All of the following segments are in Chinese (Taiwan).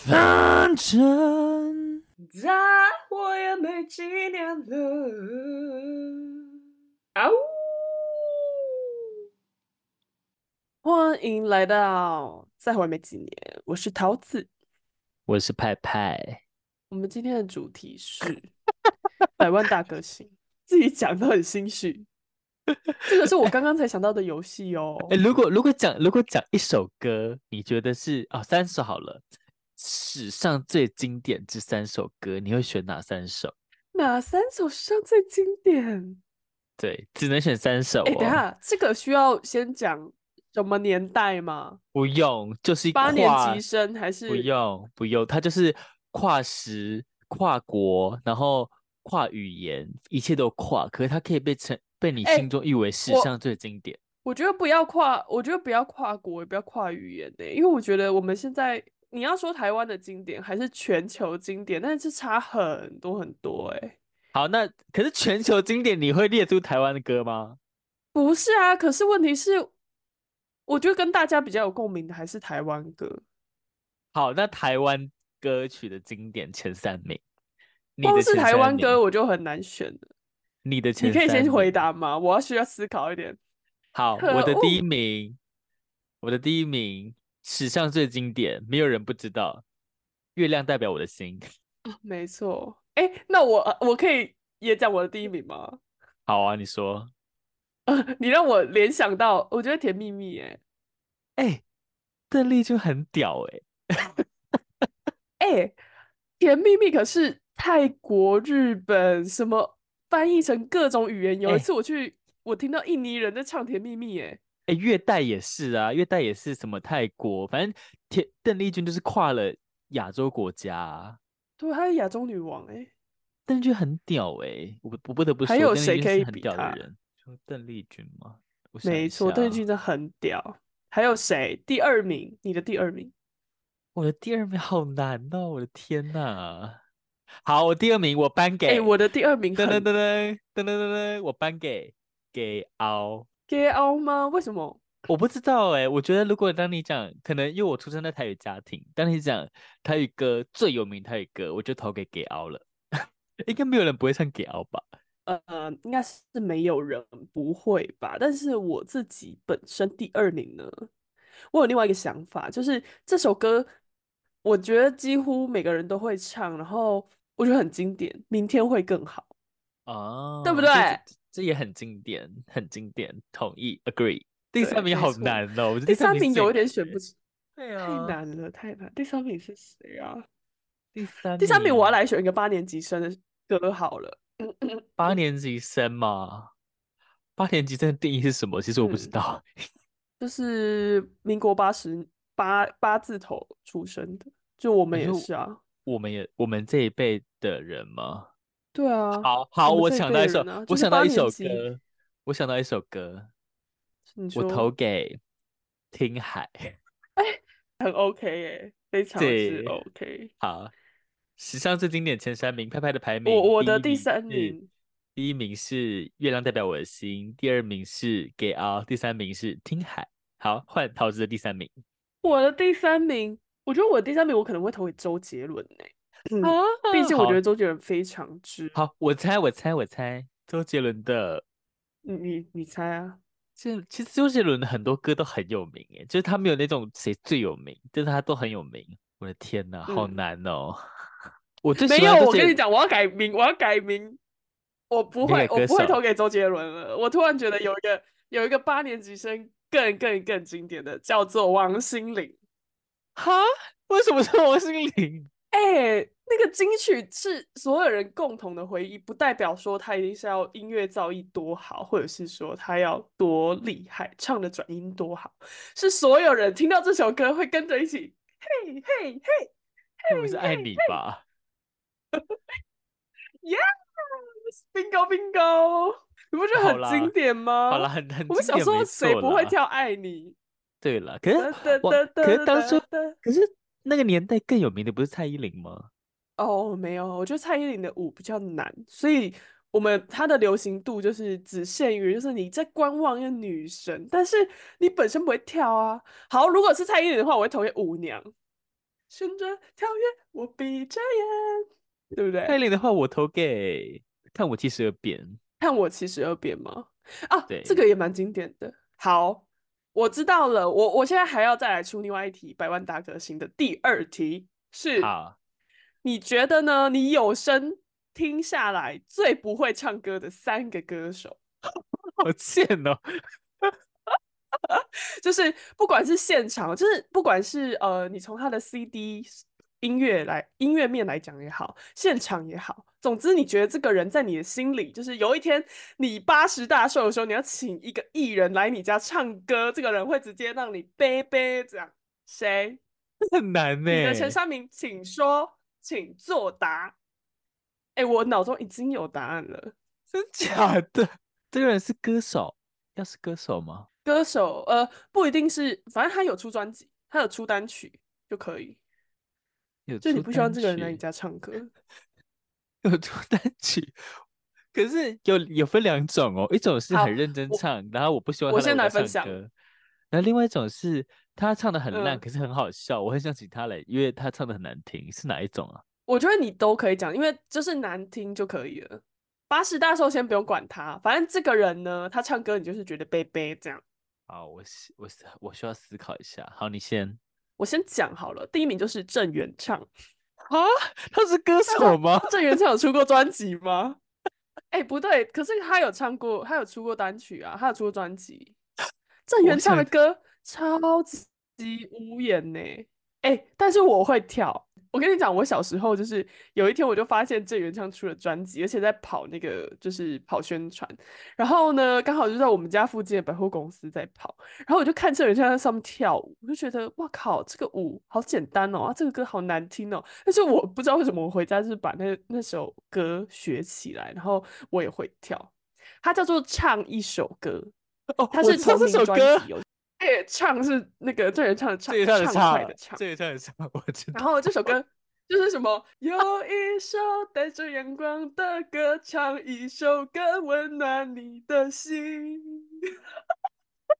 反正再活也沒幾年了。啊嗚！歡迎來到再活沒幾年，我是桃子，我是派派。我們今天的主題是百萬大歌星， 自己講都很心虛。 這個是我剛剛才想到的遊戲哦。欸，如果如果講如果講一首歌，你覺得是哦，三首好了。史上最經典這三首歌，你會選哪三首？哪三首史上最經典？對，只能選三首哦。欸，等下，這個需要先講什麼年代嗎？不用，就是八年級生還是不用不用？它就是跨時、跨國，然後跨語言，一切都跨。可是它可以被稱被你心中譽為史上最經典。欸，我，我覺得不要跨，我覺得不要跨國，也不要跨語言欸，因為我覺得我們現在。你要說台灣的經典還是全球經典，但是差很多很多哎、欸。好，那可是全球經典，你會列出台灣的歌嗎？不是啊，可是問題是，我覺得跟大家比較有共鳴的還是台灣歌。好，那台灣歌曲的經典前三名，光是台灣歌我就很難選了。你的，你可以先回答嗎？我要需要思考一點。好，可我的第一名，我，我的第一名。史上最經典，沒有人不知道。月亮代表我的心。沒錯。誒，那我我可以也講我的第一名嗎？好啊，你說。呃，你讓我聯想到，我覺得《甜蜜蜜》耶哎。哎，鄧麗君很屌哎。哎， 《甜蜜蜜》可是泰國、日本什麼翻譯成各種語言。有一次我去，誒我聽到印尼人在唱《甜蜜蜜》耶哎。哎，月代也是啊，月代也是什麼泰國，反正天鄧麗君就是跨了亞洲國家，對，她是亞洲女王哎，鄧麗君很屌哎，我我不得不說，還有誰可以比的人？鄧麗君嗎？沒錯，鄧麗君真的很屌。還有誰？第二名，你的第二名，我的第二名好難哦，我的天哪！好，我第二名我頒給，哎，我的第二名，噔噔噔噔噔噔噔噔，我頒給給敖。g a o 嗎？為什麼？我不知道哎、欸。我覺得如果當你講，可能因為我出生在台語家庭，當你講台語歌最有名台語歌，我就投給 g a o 了。 應該沒有人不會唱 g a o 吧？呃，應該是沒有人不會吧？但是我自己本身第二名呢。我有另外一個想法，就是這首歌，我覺得幾乎每個人都會唱，然後我覺得很經典。明天會更好啊，對不對？對這也很經典，很經典。同意，agree。第三名好難哦，第三名有一點選不起。對啊、太難了，太難。第三名是誰啊？第三名，第三名我要來選一個八年級生的歌好了。八年級生嘛，嗯、八年級生的定義是什麼？其實我不知道。嗯、就是民國八十八八字頭出生的，就我們也是啊。我們也，我們這一輩的人嘛。對啊，好好，好啊、我想到一首，我想到一首歌，我想到一首歌，我投給聽海，哎、欸，很 OK 誒、欸，非常之 OK。好，史上最經典前三名，桃派的排名，我我的第三名，第一名，第一名是月亮代表我的心，第二名是給啊，第三名是聽海。好，換桃子的第三名，我的第三名，我覺得我的第三名我可能會投給周杰倫誒、欸。啊！畢竟、嗯、我覺得周杰倫非常之、啊、好，好。我猜，我猜，我猜周杰倫的。嗯、你你猜啊？這其、其實周杰倫的很多歌都很有名誒，就是他沒有那種誰最有名，但、就是他都很有名。我的天哪，嗯、好難哦！ 我最喜沒有。我跟你講，我要改名，我要改名。我不會，我不會投給周杰倫了。我突然覺得有一個有一個八年級生更更更、更經典的，叫做王心凌。哈？為什麼是王心凌？哎、欸？那個金曲是所有人共同的回憶，不代表說他一定是要音樂造詣多好，或者是說他要多厲害，唱的轉音多好，是所有人聽到這首歌會跟着一起嘿嘿嘿，那不是愛你吧？Yeah，Bingo Bingo，你不覺得很經典嗎？好啦，很很經典沒錯。我們小時候誰不會跳愛你？對了，可是我，可是當初，可是那個年代更有名的不是蔡依林嗎？哦，oh, 沒有，我覺得蔡依林的舞比較難，所以我們她的流行度就是只限於，就是你在觀望一個女神，但是你本身不會跳啊。好，如果是蔡依林的話，我會投給舞娘旋轉跳躍，我閉着眼，對不對？蔡依林的話，我投給看我七十二變，看我七十二變嗎？啊，對，這個也蠻經典的。好，我知道了，我我現在還要再來出另外一題，百萬大歌星的第二題是。你覺得呢？你有生聽下來最不會唱歌的三個歌手， 好賤哦！ 就是不管是現場，就是不管是呃，你從他的 CD 音樂來音樂面來講也好，現場也好，總之你覺得這個人在你的心裡，就是有一天你八十大壽的時候，你要請一個藝人來你家唱歌，這個人會直接讓你背背這樣，誰？很難呢，欸。你的陳三明，請說。請作答。哎、欸，我腦中已經有答案了，真假的。 這個人是歌手，要是歌手嗎？歌手，呃，不一定是，反正他有出專輯，他有出單曲就可以。有，就你不希望這個人來你家唱歌？ 有出單曲， 可是有有分兩種哦，一種是很認真唱，啊、然後我不希望他來我家唱歌，我先來分享。然後另外一種是。他唱的很爛，嗯、可是很好笑。我很想請他來，因為他唱的很難聽，是哪一種啊？我覺得你都可以講，因為就是難聽就可以了。八十大壽先不用管他，反正這個人呢，他唱歌你就是覺得悲悲這樣。好，我我我需要思考一下。好，你先，我先講好了。第一名就是鄭元暢啊，他是歌手嗎？鄭元暢有出過專輯嗎？哎、 欸，不對，可是他有唱過，他有出過單曲啊，他有出過專輯。鄭元暢的歌。超級無言呢、欸，哎、欸，但是我會跳。我跟你講，我小時候就是有一天，我就發現鄭元暢出了專輯，而且在跑那個，就是跑宣傳。然後呢，剛好就在我們家附近的百貨公司在跑。然後我就看鄭元暢在上面跳舞，我就覺得哇靠，這個舞好簡單哦、喔啊，這個歌好難聽哦、喔。但是我不知道為什麼，我回家就是把那那首歌學起來，然後我也會跳。它叫做《唱一首歌》，哦，它是同名專輯、哦哎，這唱是那個鄭元暢的唱，鄭元暢的唱，鄭元暢的唱，我知道。然後這首歌就是什麼， 有一首帶着陽光的歌，唱一首歌溫暖你的心。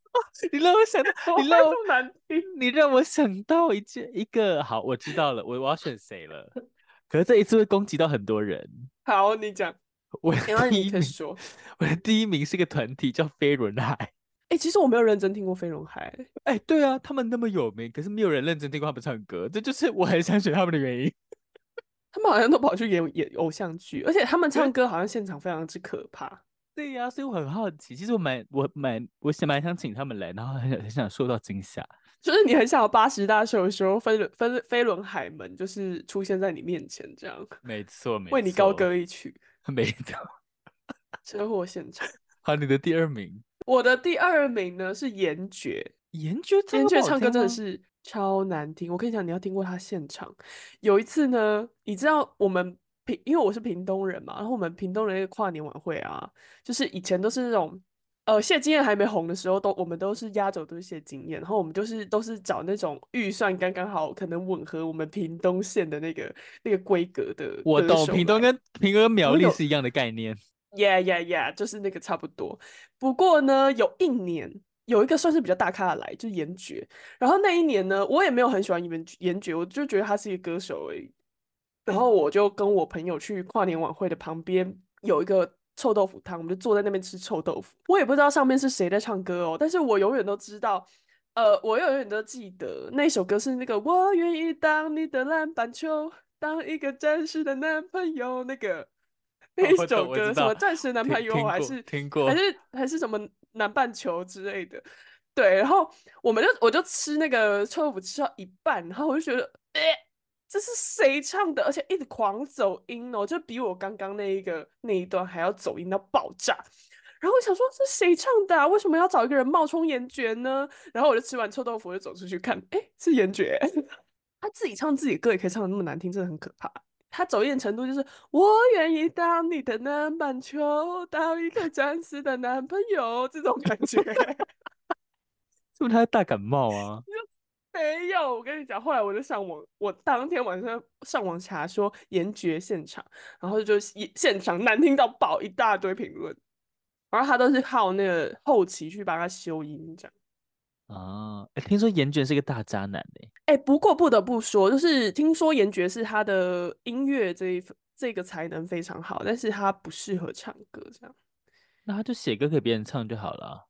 你讓我想到，你讓我難聽，你讓我想到一件一個好，我知道了，我我要選誰了。 可是這一次會攻擊到很多人。好，你講，我，你先說，我的第一名是一個團體叫飛輪海。哎、欸，其實我沒有認真聽過飛輪海。哎、欸，對啊，他們那麼有名，可是沒有人認真聽過他們唱歌，這就是我很想選他們的原因。 他們好像都跑去演演偶像劇，而且他們唱歌好像現場非常之可怕。對呀、啊，所以我很好奇。其實我蠻我蠻我，蠻，我想蠻想請他們來，然後很想很想受到驚嚇。就是你很想要八十大壽的時候，飛輪飛飛輪海們就是出現在你面前，這樣。沒錯，沒錯。為你高歌一曲。沒錯。車禍現場。 好，你的第二名？我的第二名呢，是嚴爵，嚴爵，唱歌真的是超難聽。我跟你講，你要聽過他現場。有一次呢，你知道我們平，因為我是屏東人嘛，然後我們屏東人那個跨年晚會啊，就是以前都是那種，呃，謝金燕還沒紅的時候，都我們都是壓軸都是謝金燕。然後我們就是都是找那種預算剛剛好，可能吻合我們屏東縣的那個那個規格的。我懂屏，屏東跟屏東苗栗是一樣的概念。Yeah, yeah, yeah 就是那個差不多，不過呢，有一年有一個算是比較大咖的來，就是嚴爵。然後那一年呢，我也沒有很喜歡嚴爵，嚴爵，我就覺得他是一個歌手而已。然後我就跟我朋友去跨年晚會的旁邊有一個臭豆腐攤，我們就坐在那邊吃臭豆腐。我也不知道上面是誰在唱歌哦，但是我永遠都知道，呃，我永遠都記得那首歌是那個“我願意當你的籃板球，當一個真實的男朋友”那個。那一首歌什麼《鑽石男朋友》我還是聽過，還是還是什麼南半球之類的，對。然後我們就我就吃那個臭豆腐吃到一半，然後我就覺得，哎、欸，這是誰唱的？而且一直狂走音哦、喔，就比我剛剛那一個那一段還要走音到爆炸。然後我想說，這誰唱的、啊？為什麼要找一個人冒充嚴爵呢？然後我就吃完臭豆腐，我就走出去看，哎、欸，是嚴爵、欸， 他自己唱自己歌也可以唱的那麼難聽，真的很可怕。他走音程度就是，我願意當你的男板球，當一個真實的男朋友，這種感覺。 是不是他大感冒啊？沒有，我跟你講，後來我就上網，我當天晚上上網查說嚴爵現場，然後就現場難聽到爆一大堆評論，然後他都是靠那個後期去幫他修音這樣。啊，哎、哦，聽說嚴爵是個大渣男嘞。哎，不過不得不說，就是聽說嚴爵是他的音樂這一這個才能非常好，但是他不適合唱歌，這樣。那他就寫歌給別人唱就好了、啊。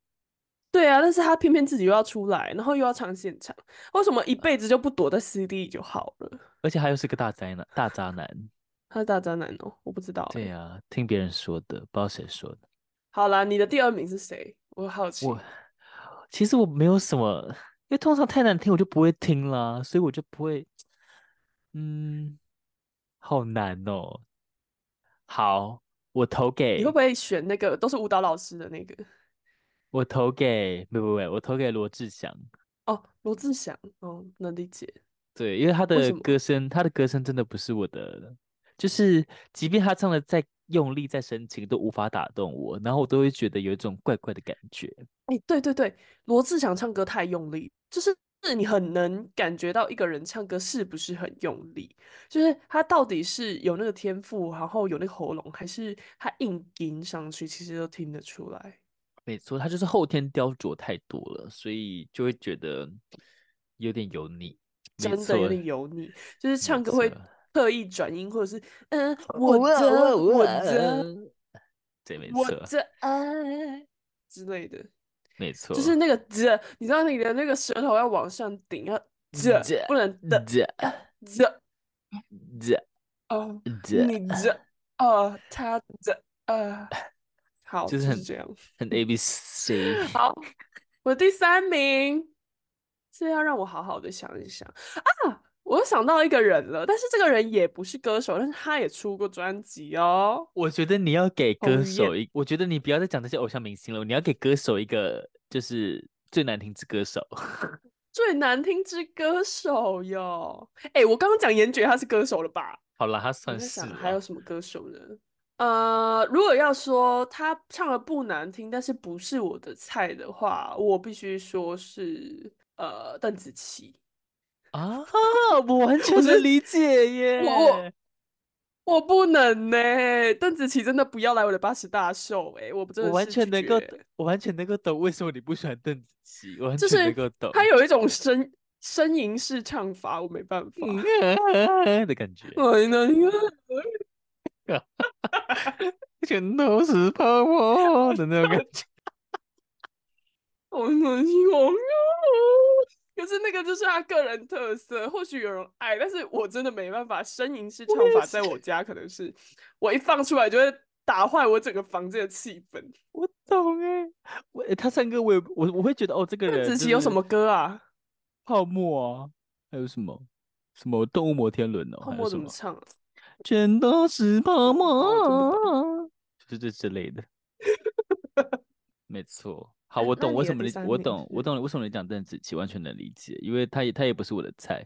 對啊，但是他偏偏自己又要出來，然後又要唱現場，為什麼一輩子就不躲在 CD 就好了？啊，而且他又是個大渣男，大渣男，他是大渣男哦，我不知道。對呀，啊，聽別人說的，不知道誰說的。好啦，你的第二名是誰？我好奇。其實我沒有什麼，因為通常太難聽我就不會聽啦、啊，所以我就不會。嗯，好難哦。好，我投給。你會不會選那個，都是舞蹈老師的那個？我投給，不不不，我投給羅志祥。哦，羅志祥，哦，能理解。對，因為他的歌聲，他的歌聲真的不是我的。就是，即便他唱的再用力，再深情，都無法打動我，然後我都會覺得有一種怪怪的感覺。哎、欸，對對對，羅志祥唱歌太用力，就是你很能感覺到一個人唱歌是不是很用力，就是他到底是有那個天賦，然後有那個喉嚨，還是他硬拼上去，其實都聽得出來。沒錯，他就是後天雕琢太多了，所以就會覺得有點油膩。真的有點油膩，沒錯，沒錯，就是唱歌會。刻意轉音，或者是嗯、呃，我的，我的，對，沒錯，我嗯、呃，之類的，沒錯，就是那個“這”，你知道你的那個舌頭要往上頂，要“這”這不能“的”“這”“這”“哦”“你這”“哦”“他”“這”“呃”，好，就是很就是這樣，很 A B C。好，我的第三名，這要讓我好好的想一想啊。我又想到一個人了，但是這個人也不是歌手，但是他也出過專輯哦。我覺得你要給歌手一，oh, yeah. 我覺得你不要再講那些偶像明星了，你要給歌手一個，就是最難聽之歌手。 最難聽之歌手喲，哎、欸，我剛剛講嚴爵他是歌手了吧？好了，他算是。還有什麼歌手呢？啊、呃，如果要說他唱的不難聽，但是不是我的菜的話，我必須說是呃鄧紫棋。啊！我完全能理解耶，我我，我，我不能呢、欸。鄧紫棋真的不要來我的八十大壽哎、欸！我不，我完全能夠，我完全能夠懂為什麼你不喜歡鄧紫棋，我完全、就是、能夠懂。她有一種呻呻吟式唱法，我沒辦法、哦、的感覺。我聽到全都是泡沫，的要跟，我聽到一個，哈哈哈可是那個就是他個人特色，或許有人愛，但是我真的沒辦法。呻吟式唱法，在我家我可能是我一放出來，就會打壞我整個房間的氣氛。我懂哎、欸，我、欸、他唱歌我也，我我我會覺得哦，這個人。鄧紫棋有什麼歌啊？泡沫啊，還有什麼什麼動物摩天輪哦、啊，還有什麼？泡沫怎麼唱，全都是泡沫、啊，泡沫啊、就是這之類的。 沒錯。好，我懂我為什麼你？我懂，我懂，為什麼你講鄧紫棋，完全能理解，因為他也他也不是我的菜。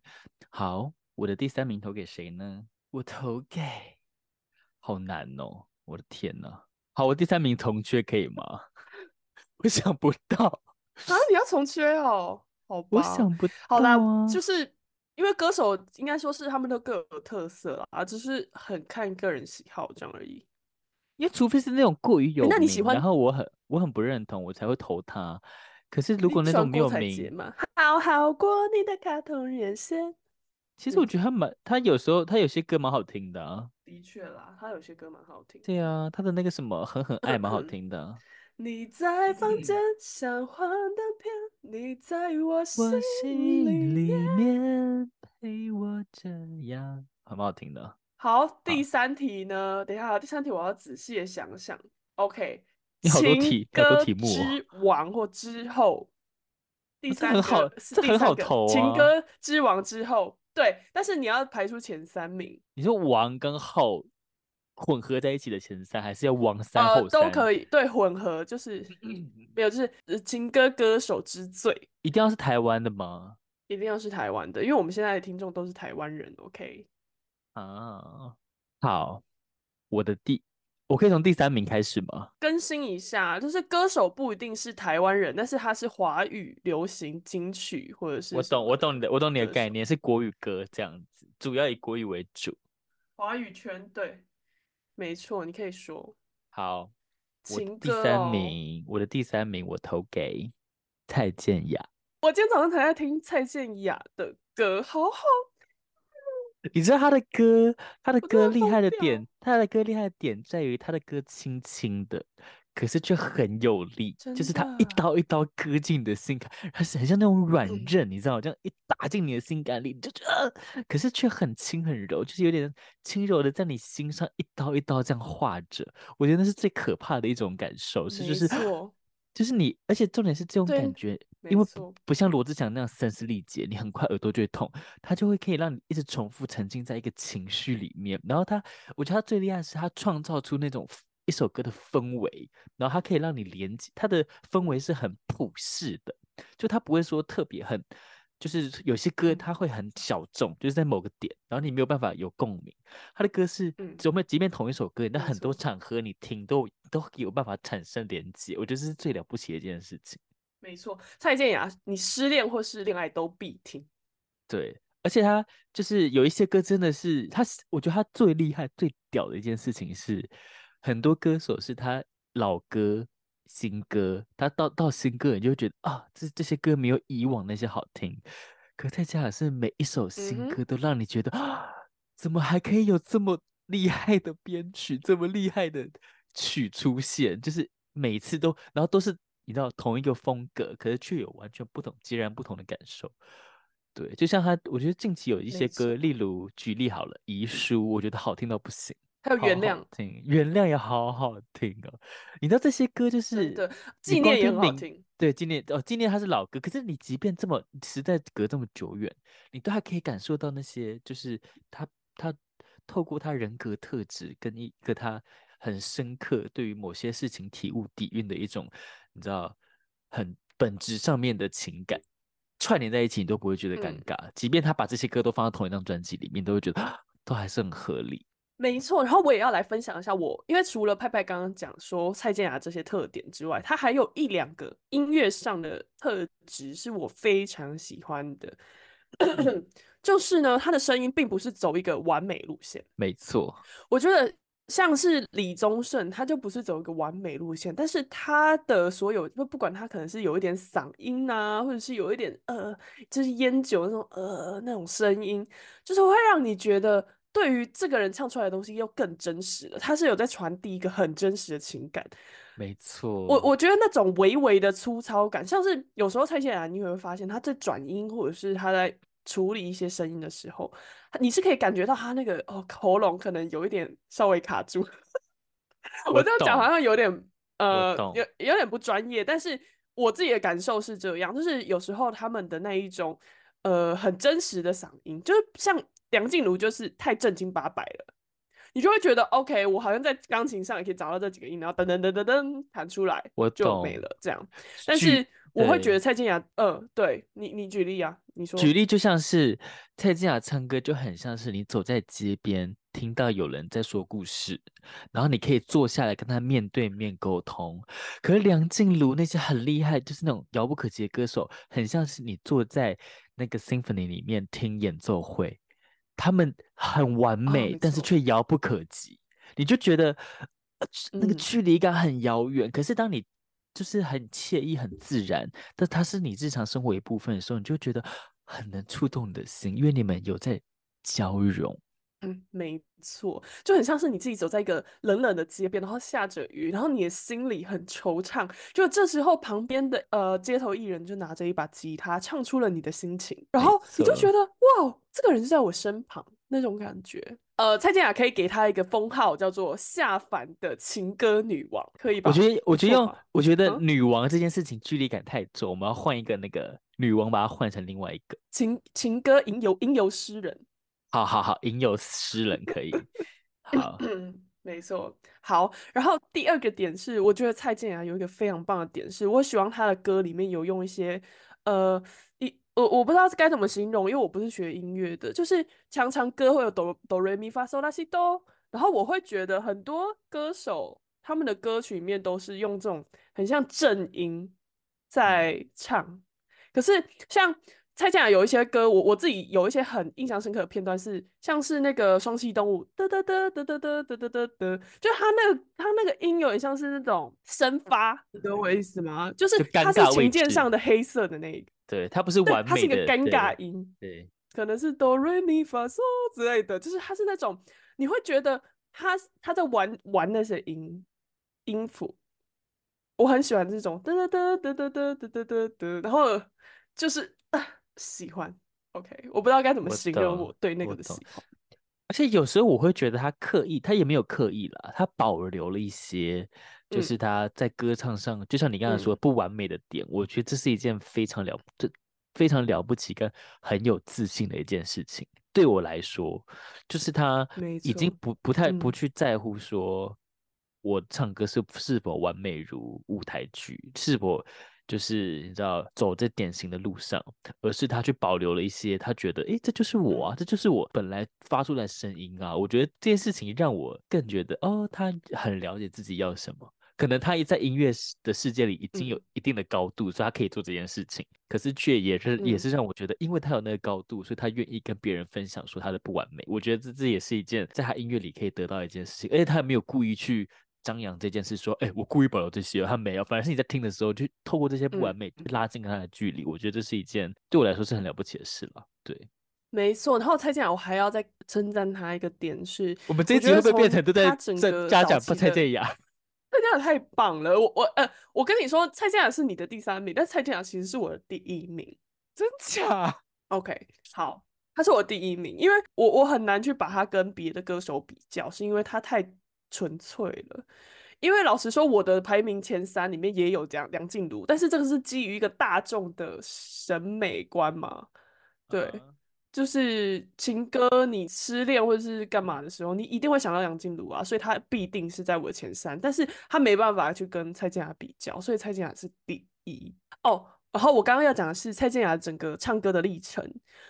好，我的第三名投給誰呢？我投給……好難哦，我的天哪、啊！好，我第三名從缺可以嗎？我想不到啊！你要從缺哦，好吧？我想不……到。好啦，就是因為歌手應該說是他們都各有特色啦，啊，只是很看個人喜好這樣而已。因為除非是那種過於有名，那你喜歡，然後我很我很不認同，我才會投他。可是如果那種沒有名，好好過你的卡通人生。其實我覺得他蠻，他有時候他有些歌蠻好聽的。的確啦，他有些歌蠻好聽的。對呀、啊，他的那個什麼狠狠愛蠻好聽的。 你在房間像幻燈片，你在我心，我心裡面陪我這樣。還蠻好聽的。好，第三題呢？啊、等一下，第三題我要仔細的想想。OK，好多題情歌之王或之後，啊、第三個很好投、啊。情歌之王之後，對，但是你要排出前三名。你說王跟後混合在一起的前三，還是要王三後三、呃、都可以？對，混合就是嗯嗯沒有，就是情歌歌手之最。一定要是台灣的嗎？一定要是台灣的，因為我們現在的聽眾都是台灣人。OK。啊，好，我的第，我可以從第三名開始嗎？更新一下，就是歌手不一定是台灣人，但是他是華語流行金曲，或者是……我懂，我懂你的，我懂你的概念是國語歌這樣子，主要以國語為主。華語圈對，沒錯，你可以說。好，我的第三名，情歌哦，我的第三名我投給蔡健雅。我今天早上才在聽蔡健雅的歌，好好。你知道他的歌，他的歌厲害的點，他的歌厲害的點在於他的歌輕輕的，可是卻很有力，的就是他一刀一刀割進你的心坎，它是很像那種軟刃，嗯、你知道這樣一打進你的心坎裡，你就覺得，可是卻很輕很柔，就是有點輕柔的在你心上一刀一刀這樣畫着，我覺得那是最可怕的一種感受，是就是。就是你，而且重點是這種感覺，對因為不，沒錯不像羅志祥那樣聲嘶力竭，你很快耳朵就會痛，他就會可以讓你一直重複沉浸在一個情緒裡面。然後他，我覺得他最厲害的是他創造出那種一首歌的氛圍，然後他可以讓你連接，他的氛圍是很普世的，就他不會說特別很。就是有些歌它會很小眾，嗯、就是在某個點，然後你沒有辦法有共鳴。他的歌是，嗯，我們即便同一首歌，那很多場合你聽都都有辦法產生連接，我覺得是最了不起的一件事情。沒錯，蔡健雅，你失戀或是戀愛都必聽。對，而且他就是有一些歌真的是他是，我覺得他最厲害、最屌的一件事情是，很多歌手是他老歌，新歌，他到到新歌你就會覺得啊，這這些歌沒有以往那些好聽。可再加上是每一首新歌都讓你覺得嗯嗯啊，怎麼還可以有這麼厲害的編曲、這麼厲害的曲出現？就是每次都，然後都是你知道同一個風格，可是卻有完全不同、截然不同的感受。對，就像他，我覺得近期有一些歌，沒錯。例如舉例好了，《遺書》，我覺得好聽到不行。還有原諒，原諒也好好聽哦。你知道這些歌就是、嗯、對紀念也很好聽，對紀念哦，紀念他是老歌，可是你即便這麼時代隔這麼久遠，你都還可以感受到那些，就是他他透過他人格特質跟一個他很深刻對於某些事情體悟底蘊的一種，你知道很本質上面的情感串聯在一起，你都不會覺得尷尬。嗯、即便他把這些歌都放在同一張專輯裡面，你都會覺得都還是很合理。沒錯，然後我也要來分享一下我，因為除了派派剛剛講說蔡健雅這些特點之外，他還有一兩個音樂上的特質是我非常喜歡的， 就是呢，他的聲音並不是走一個完美路線。沒錯，我覺得像是李宗盛，他就不是走一個完美路線，但是他的所有，不管他可能是有一點嗓音啊，或者是有一點呃，就是煙酒那種呃那種聲音，就是會讓你覺得。對於這個人唱出來的東西又更真實了，他是有在傳遞一個很真實的情感。沒錯，我我覺得那種微微的粗糙感，像是有時候蔡健雅，你會發現他在轉音或者是他在處理一些聲音的時候，你是可以感覺到他那個哦喉嚨可能有一點稍微卡住。 我這樣講好像有點懂呃懂有有點不專業，但是我自己的感受是這樣，就是有時候他們的那一種呃很真實的嗓音，就是像。梁靜茹就是太正經八百了，你就會覺得 OK，我好像在鋼琴上也可以找到這幾個音，然後噔噔噔噔噔彈出來，我懂就沒了這樣。但是我會覺得蔡健雅，呃、嗯，對你，你舉例啊，你說舉例就像是蔡健雅唱歌就很像是你走在街邊聽到有人在說故事，然後你可以坐下來跟他面對面溝通。可是梁靜茹那些很厲害，就是那種遙不可及的歌手，很像是你坐在那個 Symphony 裡面聽演奏會。他們很完美，哦、但是卻遙不可及， 你就覺得那個距離感很遙遠。嗯、可是當你就是很愜意、很自然，但它是你日常生活一部分的時候，你就覺得很能觸動你的心，因為你們有在交融。嗯，沒錯，就很像是你自己走在一個冷冷的街邊，然後下着雨，然後你的心裡很惆悵。就這時候旁，旁邊的呃街頭藝人就拿着一把吉他，唱出了你的心情，然後你就覺得沒錯。哇，這個人就在我身旁那種感覺。呃，蔡健雅可以給他一個封號，叫做“下凡的情歌女王”，可以吧？我覺得，我覺得用，我覺得“女王”這件事情距離感太重，我們要換一個那個女王，把它換成另外一個情情歌吟遊吟遊詩人。好好好，吟遊詩人可以。 好， 沒錯。好，然後第二個點是，我覺得蔡健雅有一個非常棒的點是，是我喜歡她的歌裡面有用一些，呃，一我、呃、我不知道該怎麼形容，因為我不是學音樂的，就是常常歌會有哆哆來咪發嗦拉西哆，然後我會覺得很多歌手他們的歌曲裡面都是用這種很像真音在唱，嗯、可是像。蔡健雅有一些歌，我我自己有一些很印象深刻的片段，是像是那個雙棲動物，得得得得得得得得得得，就他那個他那個音有點像是那種聲發，你懂我意思嗎？就是它是琴鍵上的黑色的那一個，對，它不是完美的，它是一個尷尬音，對，可能是哆瑞咪發嗦之類的，就是它是那種你會覺得他他在玩玩那些音音符，我很喜歡這種得得得得得得得得得，然後就是。喜歡，OK，我不知道該怎麼形容我對那個的喜歡。而且有時候我會覺得他刻意，他也沒有刻意啦，他保留了一些，就是他在歌唱上，嗯、就像你剛才說、嗯、不完美的點，我覺得這是一件非常了，這非常了不起跟很有自信的一件事情。對我來說，就是他已經不錯不太不去在乎說我唱歌是是否完美如舞台劇，是否。就是你知道走在典型的路上，而是他去保留了一些他覺得，哎，這就是我啊，這就是我本來發出來的聲音啊。我覺得這件事情讓我更覺得，哦，他很了解自己要什麼。可能他一在音樂的世界裡已經有一定的高度，所以他可以做這件事情，可是卻也是也是讓我覺得，因為他有那個高度，所以他願意跟別人分享說他的不完美。我覺得這這也是一件在他音樂裡可以得到一件事情，而且他也沒有故意去。張揚這件事，說，哎、欸，我故意保留這些，他沒有，反而是你在聽的時候，就透過這些不完美，拉近跟他的距離。嗯、我覺得這是一件對我來說是很了不起的事了。對，沒錯。然後蔡健雅，我還要再稱讚他一個點是，我們這一集會不會變成都在講蔡健雅？蔡健雅太棒了，我我呃，我跟你說，蔡健雅是你的第三名，但蔡健雅其實是我的第一名，真假 ？OK，好，他是我第一名，因為我我很難去把他跟別的歌手比較，是因為他太。純粹了，因為老實說，我的排名前三裡面也有這樣梁靜茹，但是這個是基於一個大眾的審美觀嘛？對，uh、就是情歌，你失戀或者是幹嘛的時候，你一定會想到梁靜茹啊，所以她必定是在我前三，但是她沒辦法去跟蔡健雅比較，所以蔡健雅是第一哦。Oh, 然後我剛剛要講的是蔡健雅整個唱歌的歷程，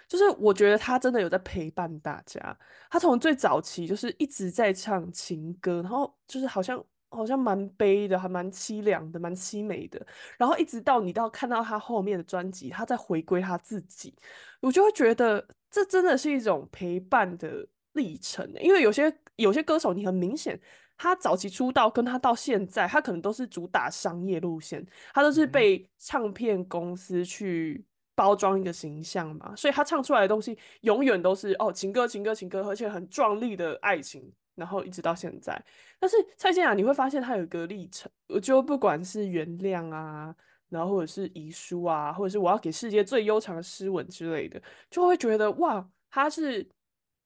就是我覺得她真的有在陪伴大家。她從最早期就是一直在唱情歌，然後就是好像好像蠻悲的，還蠻淒涼的，蠻淒美的。然後一直到你到看到她後面的專輯，她在回歸她自己，我就會覺得這真的是一種陪伴的歷程。因為有些有些歌手，你很明顯。他早期出道，跟他到現在，他可能都是主打商業路線，他都是被唱片公司去包裝一個形象嘛，所以他唱出來的東西永遠都是哦，情歌情歌情歌，而且很壯麗的愛情，然後一直到現在。但是蔡健雅啊，你會發現他有一個歷程，就不管是原諒啊，然後或者是遺書啊，或者是我要給世界最悠長的濕吻之類的，就會覺得哇，他是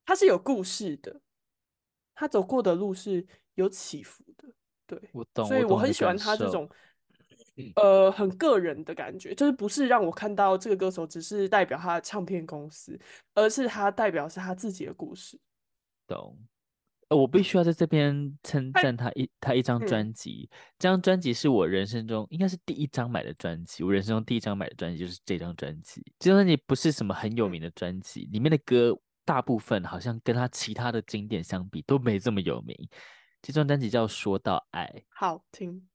他是有故事的，他走過的路是有起伏的，對，我懂，我懂，所以我很喜歡他這種，呃，很個人的感覺，就是不是讓我看到這個歌手，只是代表他唱片公司，而是他代表是他自己的故事。懂，呃、哦，我必須要在這邊稱讚他一、哎、他一張專輯，嗯、這張專輯是我人生中應該是第一張買的專輯，我人生中第一張買的專輯就是這張專輯。這張專輯不是什麼很有名的專輯，嗯、裡面的歌大部分好像跟他其他的經典相比都沒這麼有名。這張專輯叫《說到愛》好，好聽。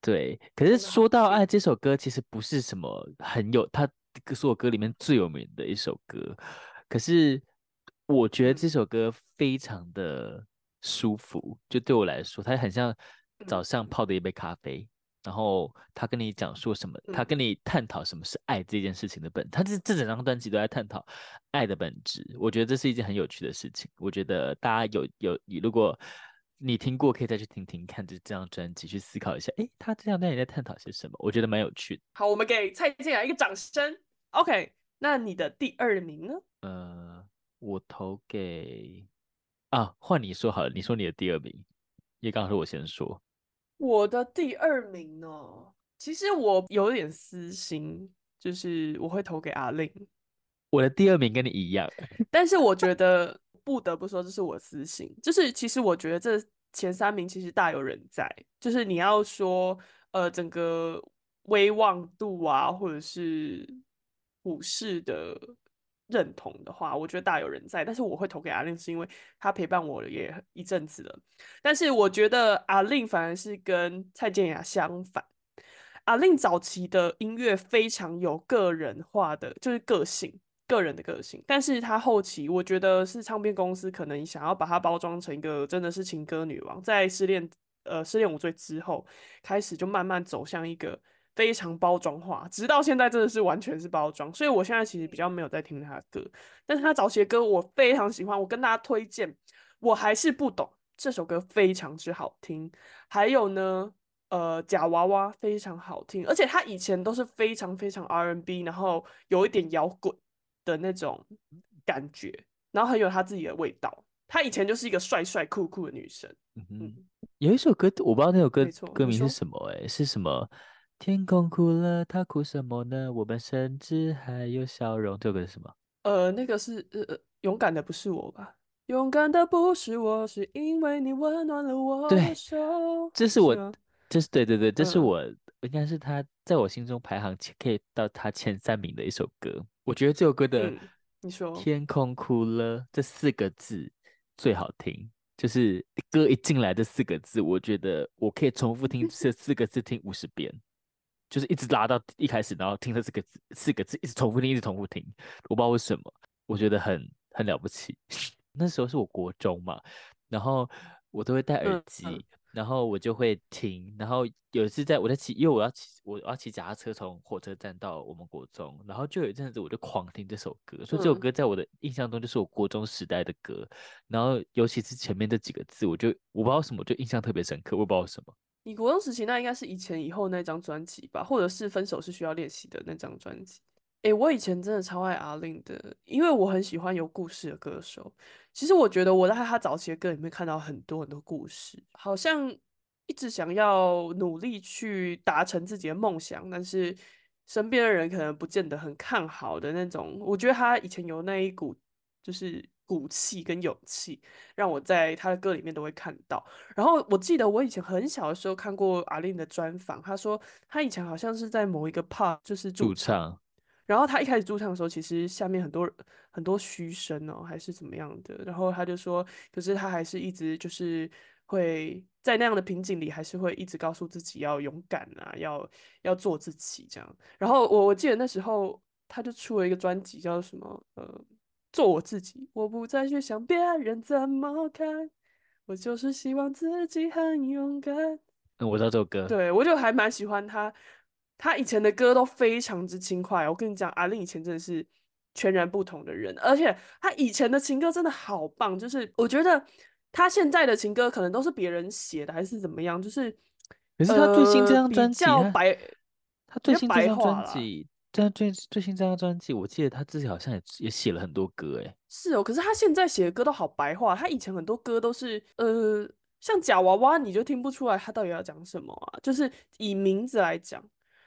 對，可是《說到愛》這首歌其實不是什麼很有，它所有歌裡面最有名的一首歌。可是我覺得這首歌非常的舒服，嗯、就對我來說，它很像早上泡的一杯咖啡。嗯、然後他跟你講說什麼，他跟你探討什麼是愛這件事情的本質。他這這整張專輯都在探討愛的本質。我覺得這是一件很有趣的事情。我覺得大家有有，你如果你聽過可以再去聽聽看，就這張專輯去思考一下，哎，他這張那你在探討些什麼？我覺得蠻有趣的。好，我們給蔡健雅一個掌聲。OK，那你的第二名呢？呃，我投給啊，換你說好了，你說你的第二名。也剛好是我先說，我的第二名呢，其實我有點私心，就是我會投給阿令。我的第二名跟你一樣， 但是我覺得。不得不說，這是我私心，就是其實我覺得這前三名其實大有人在。就是你要說，呃，整個威望度啊，或者是普世的認同的話，我覺得大有人在。但是我會投給 A-Lin，是因為他陪伴我也一陣子了。但是我覺得 A-Lin 反而是跟蔡健雅相反。A-Lin 早期的音樂非常有個人化的，就是個性。個人的個性，但是他後期，我覺得是唱片公司可能想要把它包裝成一個真的是情歌女王，在失戀呃失戀無罪之後開始就慢慢走向一個非常包裝化，直到現在真的是完全是包裝，所以我現在其實比較沒有在聽他的歌，但是他早期的歌我非常喜歡，我跟大家推薦，我還是不懂這首歌非常之好聽，還有呢，呃、假娃娃非常好聽，而且他以前都是非常非常 R&B，然後有一點搖滾，的那種感覺，然後很有她自己的味道。她以前就是一個帥帥酷酷的女生。嗯，有一首歌，我不知道那首歌錯歌名是什麼哎、欸，說是什麼？天空哭了，它哭什麼呢？我們甚至還有笑容。這個是什麼？呃，那個是呃，勇敢的不是我吧？勇敢的不是我，是因為你溫暖了我的手。對。這是我，是嗎這是對對對，這是我、嗯、應該是他，在我心中排行可以到他前三名的一首歌。我覺得這首歌的“天空哭了”這四個字最好聽，嗯、就是歌一進來這四個字，我覺得我可以重複聽這四個字 聽五十遍，就是一直拉到一開始，然後聽到這個字四個字，四個字一直重複聽，一直重複聽，我不知道為什麼，我覺得很很了不起。 那時候是我國中嘛，然後我都會戴耳機。嗯嗯然後我就會聽，然後有一次在我在騎，因為我要騎我要騎腳踏車從火車站到我們國中，然後就有一陣子我就狂聽這首歌，嗯、所以這首歌在我的印象中就是我國中時代的歌，然後尤其是前面這幾個字，我就我不知道什麼，就印象特別深刻，我不知道什麼。你國中時期那應該是以前以後那張專輯吧，或者是分手是需要練習的那張專輯。哎、欸，我以前真的超愛阿玲的，因為我很喜歡有故事的歌手。其實我覺得我在他早期的歌裡面看到很多很多故事，好像一直想要努力去達成自己的夢想，但是身邊的人可能不見得很看好的那種。我覺得他以前有那一股就是骨氣跟勇氣，讓我在他的歌裡面都會看到。然後我記得我以前很小的時候看過阿玲的專訪，他說他以前好像是在某一個 Pub 就是駐唱。然後他一開始駐唱的時候，其實下面很多很多噓聲哦，還是怎麼樣的。然後他就說，可是他還是一直就是會在那樣的瓶頸裡，還是會一直告訴自己要勇敢啊，要要做自己這樣。然後我我記得那時候他就出了一個專輯，叫做什麼？呃，做我自己，我不再去想別人怎麼看，我就是希望自己很勇敢。嗯，我知道這首歌，對，我就還蠻喜歡他。他以前的歌都非常之輕快，我跟你講，阿玲以前真的是全然不同的人，而且他以前的情歌真的好棒，就是我覺得他現在的情歌可能都是別人寫的還是怎麼樣，就是可是他最新這張專輯叫白，他，他最新這張專輯，張最最新這張專輯，我記得他自己好像也也寫了很多歌耶，哎，是哦，可是他現在寫的歌都好白話，他以前很多歌都是呃，像假娃娃，你就聽不出來他到底要講什麼啊，就是以名字來講。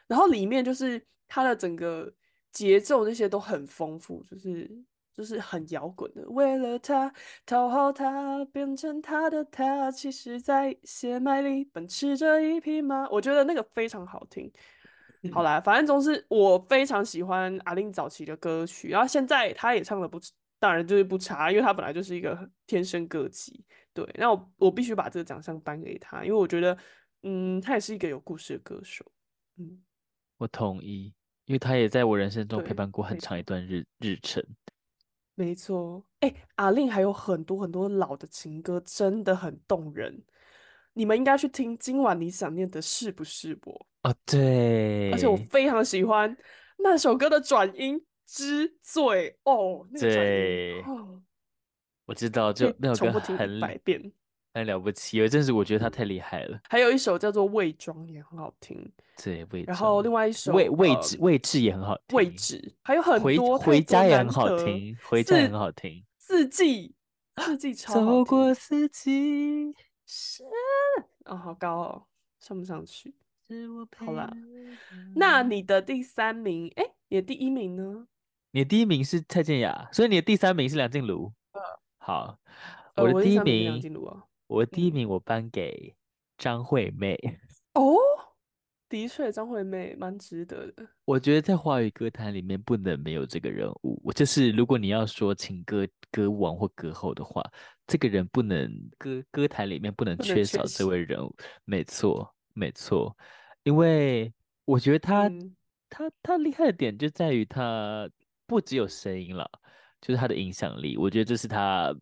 然後裡面就是他的整個節奏那些都很豐富，就是就是很搖滾的。為了他討好他，變成他的他，其實在血脈裡奔馳着一匹馬。我覺得那個非常好聽。好啦，反正總是我非常喜歡阿玲早期的歌曲，然後現在他也唱的不，當然就是不差，因為他本來就是一個天生歌姬。對，那我，我必須把這個獎項頒給他，因為我覺得，嗯，他也是一個有故事的歌手，嗯。我同意，因為他也在我人生中陪伴過很長一段日日程。沒錯，哎、欸，A-Lin 還有很多很多老的情歌，真的很動人。你們應該去聽今晚你想念的是不是，不是我啊、哦？對。而且我非常喜歡那首歌的轉音之最哦。那個、對。呵我知道，就對那首歌很，聽一百遍。很、嗯、了不起，有真是我覺得他太厲害了。還有一首叫做《偽裝》也很好聽，對，然後另外一首《位位置位置》也很好，位置，還有很多，《回家》也很好聽，《回家》也很好聽，《四季》，四季超好聽。走過四季，是哦，好高哦，上不上去？好啦吧，那你的第三名，哎，你的第一名呢？你的第一名是蔡健雅，所以你的第三名是梁靜茹。嗯、好、哦，我的第一名我第一名我、嗯，我頒給張惠妹哦，的確，張惠妹蠻值得的。我覺得在華語歌壇裡面不能沒有這個人物。我就是，如果你要說情歌歌王或歌后的話，這個人不能歌歌壇裡面不能缺少這位人物。沒錯，沒錯，因為我覺得他、嗯、他他厲害的點就在於他不只有聲音了，就是他的影響力。我覺得就是他，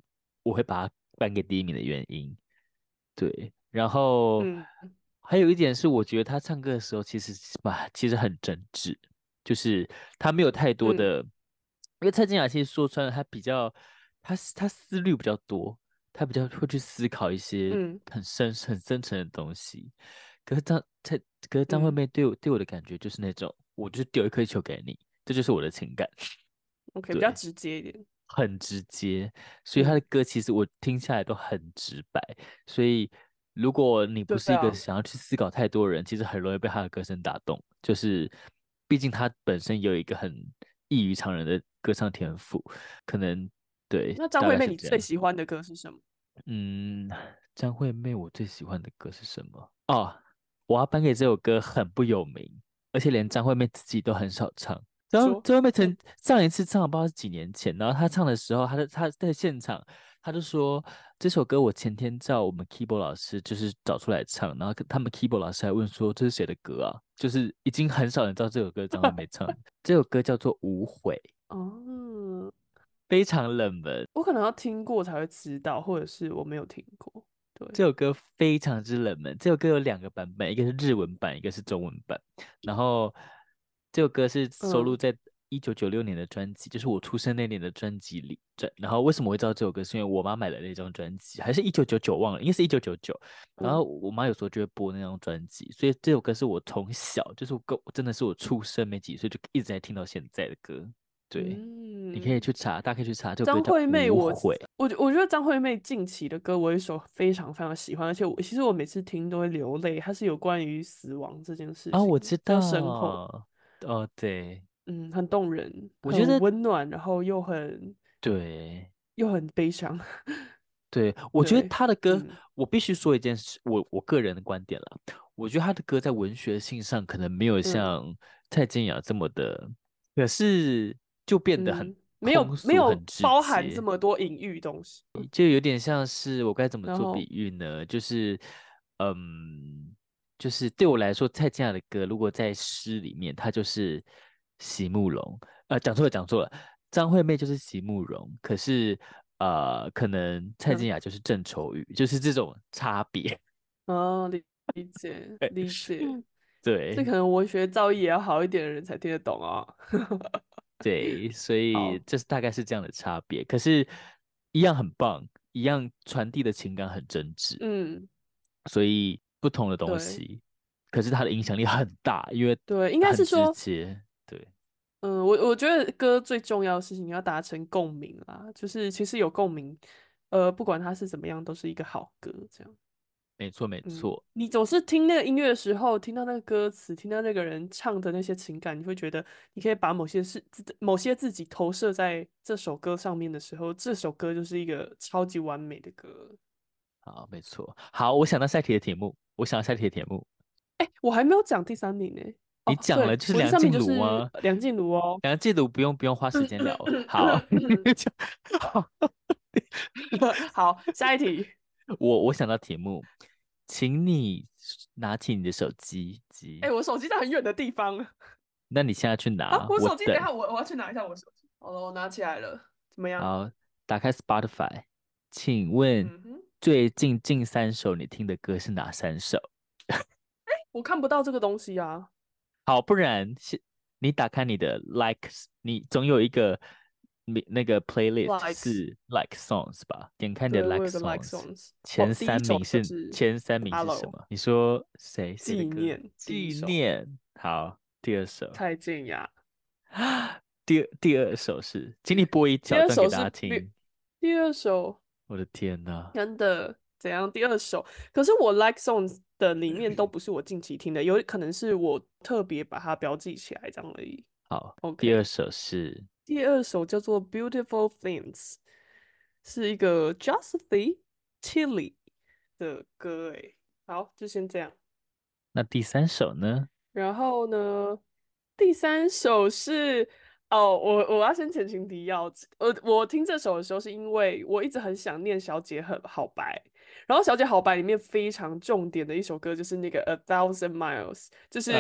我會把他。頒給第一名的原因，對，然後、嗯、還有一點是，我覺得他唱歌的時候其實吧，其實很真摯，就是他沒有太多的，嗯、因為蔡健雅其實說穿了，他比較，他他思慮比較多，他比較會去思考一些很深、嗯、很深沉的東西。可是張蔡，可是張惠妹對我、嗯、對我的感覺就是那種，我就丟一顆球給你，這就是我的情感。我可能比較直接一點。很直接，所以他的歌其實我聽下來都很直白。所以如果你不是一個想要去思考太多人，啊、其實很容易被他的歌聲打動。就是，畢竟他本身有一個很異於常人的歌唱天賦，可能對。那張惠妹，你最喜歡的歌是什麼？嗯，張惠妹，我最喜歡的歌是什麼？哦，我要頒給這首歌，很不有名，而且連張惠妹自己都很少唱。然後張惠妹曾上一次唱不知道是幾年前，然後他唱的時候，他在他在現場，他就說這首歌我前天叫我們 keyboard 老師就是找出來唱，然後他們 keyboard 老師還問說，這是誰的歌啊？就是已經很少人知道這首歌張惠妹唱， 這首歌叫做《無悔》哦，uh, 非常冷門，我可能要聽過才會知道，或者是我沒有聽過。對，這首歌非常之冷門，這首歌有兩個版本，一個是日文版，一個是中文版，然後。這首歌是收錄在一九九六年的專輯，嗯、就是我出生那年的專輯裡。這、嗯、然後為什麼會知道這首歌？是因為我媽買的那張專輯，還是一九九九忘了，應該是一九九九。然後我媽有時候就會播那張專輯，嗯、所以這首歌是我從小就是我，真的是我出生沒幾歲，所以就一直在聽到現在的歌。對，嗯、你可以去查，大家可以去查。張惠妹我會，我我我覺得張惠妹近期的歌，我有一首非常非常喜歡，而且我其實我每次聽都會流淚，它是有關於死亡這件事情，啊，我知道。哦，對，嗯，很動人，我覺得溫暖，然後又很對，又很悲傷。對我覺得他的歌，對我必須說一件事，嗯、我我個人的觀點了，我覺得他的歌在文學性上可能沒有像蔡健雅這麼的，嗯、可是就變得很、嗯、沒有很沒有包含這麼多隱喻東西，就有點像是我該怎麼做比喻呢？後就是，嗯。就是對我來說，蔡健雅的歌如果在詩裡面，她就是席慕蓉。呃，講錯了，講錯了，張惠妹就是席慕蓉。可是，呃，可能蔡健雅就是鄭愁予，嗯、就是這種差別。哦，理解，理解， 對。這可能文學造詣要好一點的人才聽得懂哦。 對，所以這是大概是這樣的差別。好可是，一樣很棒，一樣傳遞的情感很真摯。嗯，所以。不同的東西，對可是它的影響力很大，因為很直接，對，應該是說，對，嗯，我我覺得歌最重要的事情要達成共鳴啦，就是其實有共鳴，呃，不管它是怎麼樣，都是一個好歌，這樣，沒錯沒錯、嗯。你總是聽那個音樂的時候，聽到那個歌詞，聽到那個人唱的那些情感，你會覺得你可以把某些事、某些自己投射在這首歌上面的時候，這首歌就是一個超級完美的歌。好，沒錯。好，我想到下一題的題目，我想到下一題的題目。哎、欸，我還沒有講第三名呢、欸。你講了就是梁靜茹嗎？梁靜茹哦。梁靜茹不用不用花時間聊。嗯嗯、好，好，下一題。我我想到題目，請你拿起你的手機機。哎、欸，我手機在很遠的地方。那你現在去拿。啊、我手機等一下，我我要去拿一下我手機。好了，我拿起來了，怎麼樣？好，打開 Spotify，請問。嗯最近近三首你聽的歌是哪三首？ 欸、我看不到這個東西啊。好，不然你打開你的 Like，s 你總有一個你那個 Playlist ikes 是 Like Songs 吧？點開你的 Like Songs，, like songs 前三名是、哦就是、前三名是什麼？哦、你說誰？紀念紀念，紀念。好，第二首。蔡健雅。第二第二首是，請你播一小段給大家聽。第二，第二首。我的天吶、啊，真的怎樣？第二首，可是我 like songs 的裡面都不是我近期聽的，有可能是我特別把它標記起來這樣而已。好，OK。第二首是第二首叫做 Beautiful Things，是一個 Josephy Tilly 的歌誒。好，就先這樣。那第三首呢？然後呢？第三首是。哦，oh, 我我要先前情提要。我我聽這首的時候，是因為我一直很想念小姐很好白。然後小姐好白裡面非常重點的一首歌就是那個 A Thousand Miles，就是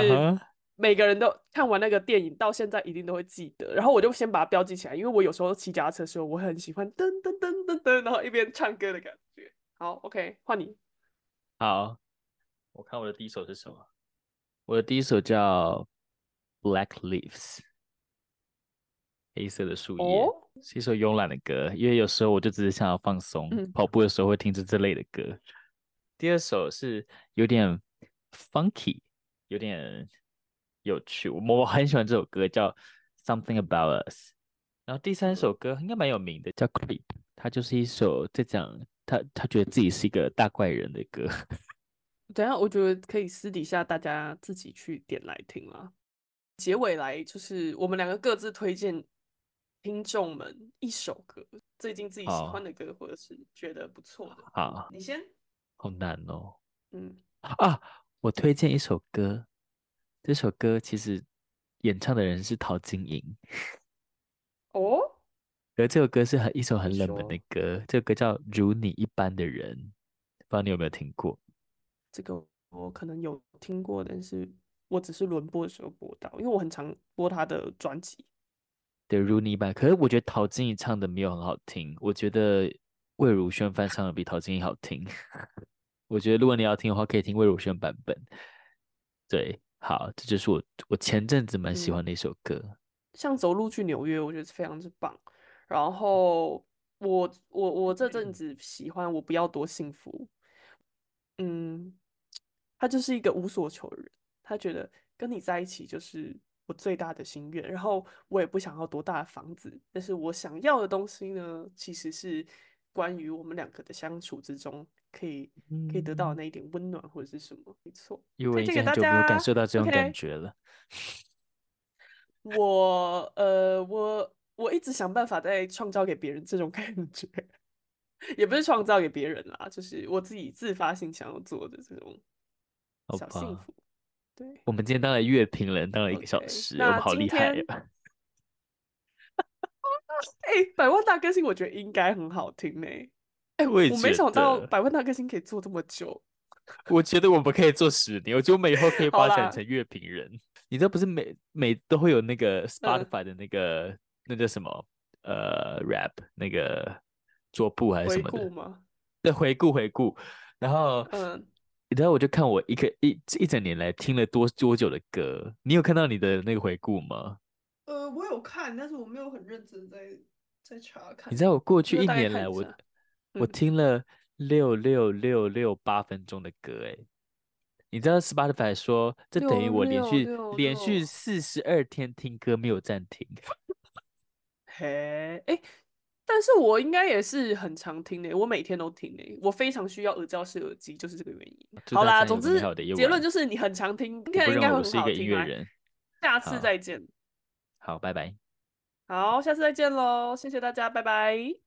每個人都看完那個電影到現在一定都會記得。Uh huh. 然後我就先把它標記起來，因為我有時候騎腳踏車的時候，我很喜歡噔噔噔噔噔，然後一邊唱歌的感覺。好，OK，換你。好，我看我的第一首是什麼？我的第一首叫 Black Leaves。黑色的樹葉，oh? 是一首慵懶的歌，因為有時候我就只是想要放鬆。嗯、跑步的時候會聽着這類的歌。第二首是有點 funky，有點有趣，我很喜歡這首歌，叫 Something About Us。然後第三首歌，oh. 應該蠻有名的，叫 Creep。它，就是一首在講他他覺得自己是一個大怪人的歌。等下我覺得可以私底下大家自己去點來聽啦。結尾來就是我們兩個各自推薦，聽眾們，一首歌，最近自己喜歡的歌，oh. 或者是覺得不錯的。好，你先。好難哦。嗯啊，我推薦一首歌。這首歌其實演唱的人是陶晶瑩。哦。Oh? 而這首歌是很一首很冷門的歌，說這首歌叫《如你一般的人》，不知道你有沒有聽過？這個我可能有聽過，但是我只是輪播的時候播到，因為我很常播他的專輯。對，如你一般，可是我覺得陶晶瑩唱的沒有很好聽，我覺得魏如萱翻唱的比陶晶瑩好聽。 我覺得如果你要聽的話，可以聽魏如萱版本。對，好，這就是我我前陣子蠻喜歡的一首歌，嗯。像走路去紐約，我覺得是非常之棒。然後我我我這陣子喜歡我不要多幸福。嗯，他就是一個無所求的人，他覺得跟你在一起就是。我最大的心願，然後我也不想要多大的房子，但是我想要的東西呢，其實是關於我們兩個的相處之中，可以可以得到的那一點溫暖或者是什麼，沒錯。因為很久沒有感受到這種感覺了。Okay. 我呃，我我一直想辦法在創造給別人這種感覺， 也不是創造給別人啦，就是我自己自發性想要做的這種小幸福。對我們今天當了樂評人，當了一個小時，Okay. 我們好厲害！啊！哎今、 欸，百萬大歌星，我覺得應該很好聽呢！哎，我也我沒想到百萬大歌星可以做這麼久。我覺得我們可以做十年，我覺得我們以後可以發展成樂評人。 啦你這不是每每都會有那個 Spotify 的那個、嗯、那叫什麼呃 rap 那個桌布還是什麼的嗎？對，回顧回顧，然後嗯。你知道，我就看我一個一一整年來聽了多多久的歌，你有看到你的那個回顧嗎？呃，我有看，但是我沒有很認真在在查看。你知道我過去一年來我，我 我聽了六六六六八分鐘的歌，哎，你知道 Spotify 說這等於我連續六六連續四十二天聽歌沒有暫停， 嘿，哎、欸。但是我應該也是很常聽的，欸、我每天都聽，誒、欸，我非常需要耳罩式耳機，就是這個原因。好，好啦，總之結論就是你很常聽，今天應該會很好聽。下次再見，好，好，拜拜。好，下次再見嘍，謝謝大家，拜拜。